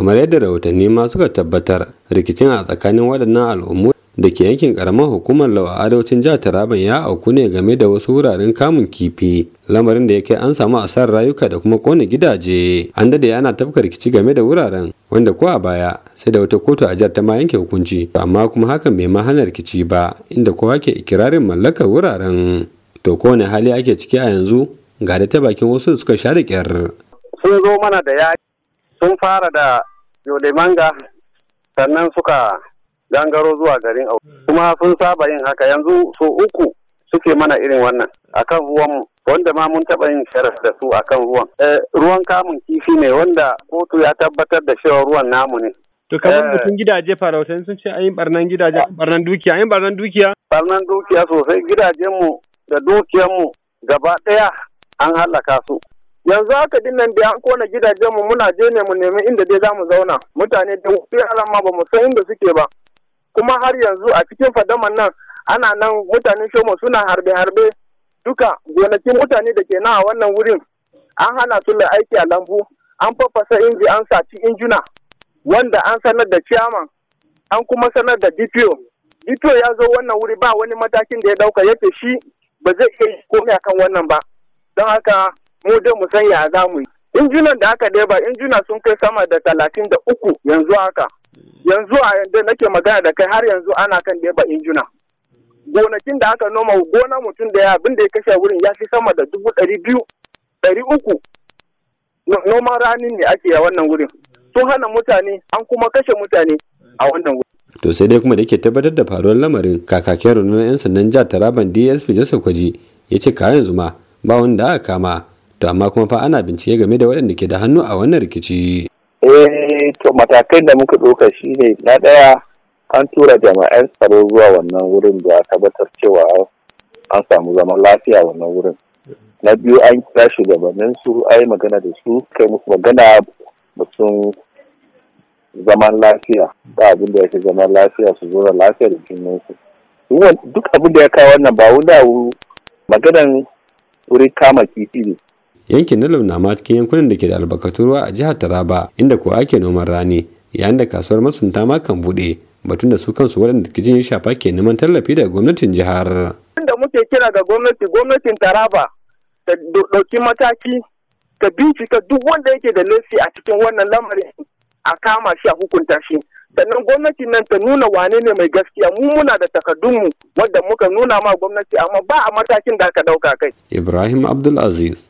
kamar yadda rahotanni ma suka tabbatar rikicin a tsakanin waɗannan al'ummu da ke yankin karamar hukumar lawa arewacin jihar taraban ya auku ne game da wasu wuraren kamun kifi lamarin da ya kai an samu asar rayuka da kuma kone gidaje an dade ana tafka rikici game da wuraren wanda ko a baya sai da wata kotu a jihar ta ma yanke hukunci amma kuma hakan bai ma hana rikici ba inda kowa ke ikirarin mallakar wuraren to kowane hali ake ciki a yanzu ga da ta bakin wasu da suka sha da kyar sun zo mana da yaki sun fara da Yode manga sannan suka gangaro zuwa garin au hmm. kuma sun saba yin haka yanzu so uku suke mana irin wannan akan ruwanmu wanda ma mun taɓa yin sharar da su akan ruwan eh, ruwan kamun kifi ne wanda kotu ya tabbatar da cewa ruwan namu ne to kamar mutum eh. gidaje farauta sun ce ayin barnan gidaje barnan dukiya ayin barnan dukiya barnan dukiya sosai gidajenmu da dukiyanmu gaba ɗaya an halaka su yanzu haka din nan da an kona gidajen mu muna je ne mu nemi inda dai zamu zauna mutane da yaran ma ba mu san inda suke ba kuma har yanzu a cikin fadaman nan ana nan mutanen shomo suna harbe harbe duka gonakin mutane da ke na a wannan wurin an hana su da aiki a lambu an fafasa inji an saci injuna wanda an sanar da ciyaman an kuma sanar da DPO DPO ya zo wannan wuri ba wani matakin da ya dauka yake shi ba zai iya komai akan wannan ba don haka mu da mu san ya za mu yi injunan da aka deba injuna sun kai sama da talatin da uku yanzu haka yanzu a yanda nake magana da kai har yanzu ana kan deba injuna gonakin da aka noma gona mutum da ya abin da ya kashe wurin ya fi sama da dubu ɗari biyu ɗari uku noman ranin ne ake a wannan wurin sun hana mutane an kuma kashe mutane a wannan wurin to sai dai kuma da ke tabbatar da faruwar lamarin kakakin rundunar 'yan sandan jihar taraban dsp joseph kwaji ya ce kayan zuma ba wanda aka kama to amma kuma fa ana bincike game da waɗanda ke da hannu a wannan rikici eh to matakai da muka ɗauka ne na ɗaya an tura jama'an tsaro zuwa wannan wurin da tabbatar cewa an samu zaman lafiya wannan wurin na biyu an kira shugabannin su ai magana da su kai musu magana mutum zaman lafiya ba abin da ya zaman lafiya su zo da lafiya da jinin su duk abin da ya kawo wannan ba wani maganan wuri kama kifi ne yankin na launa ma cikin yankunan da ke da albarkatun ruwa a jihar taraba inda kuwa ake noman rani yayin da kasuwar masunta ma kan buɗe batun da su kansu waɗanda kijin ya shafa ke neman tallafi daga gwamnatin jihar. da muke kira ga gwamnati gwamnatin taraba ta ɗauki mataki ta bincika duk wanda yake da laifi a cikin wannan lamarin a kama shi a hukunta shi sannan gwamnati nan ta nuna wane ne mai gaskiya mu muna da takardunmu wadda muka nuna ma gwamnati amma ba a matakin da aka ɗauka kai. ibrahim abdulaziz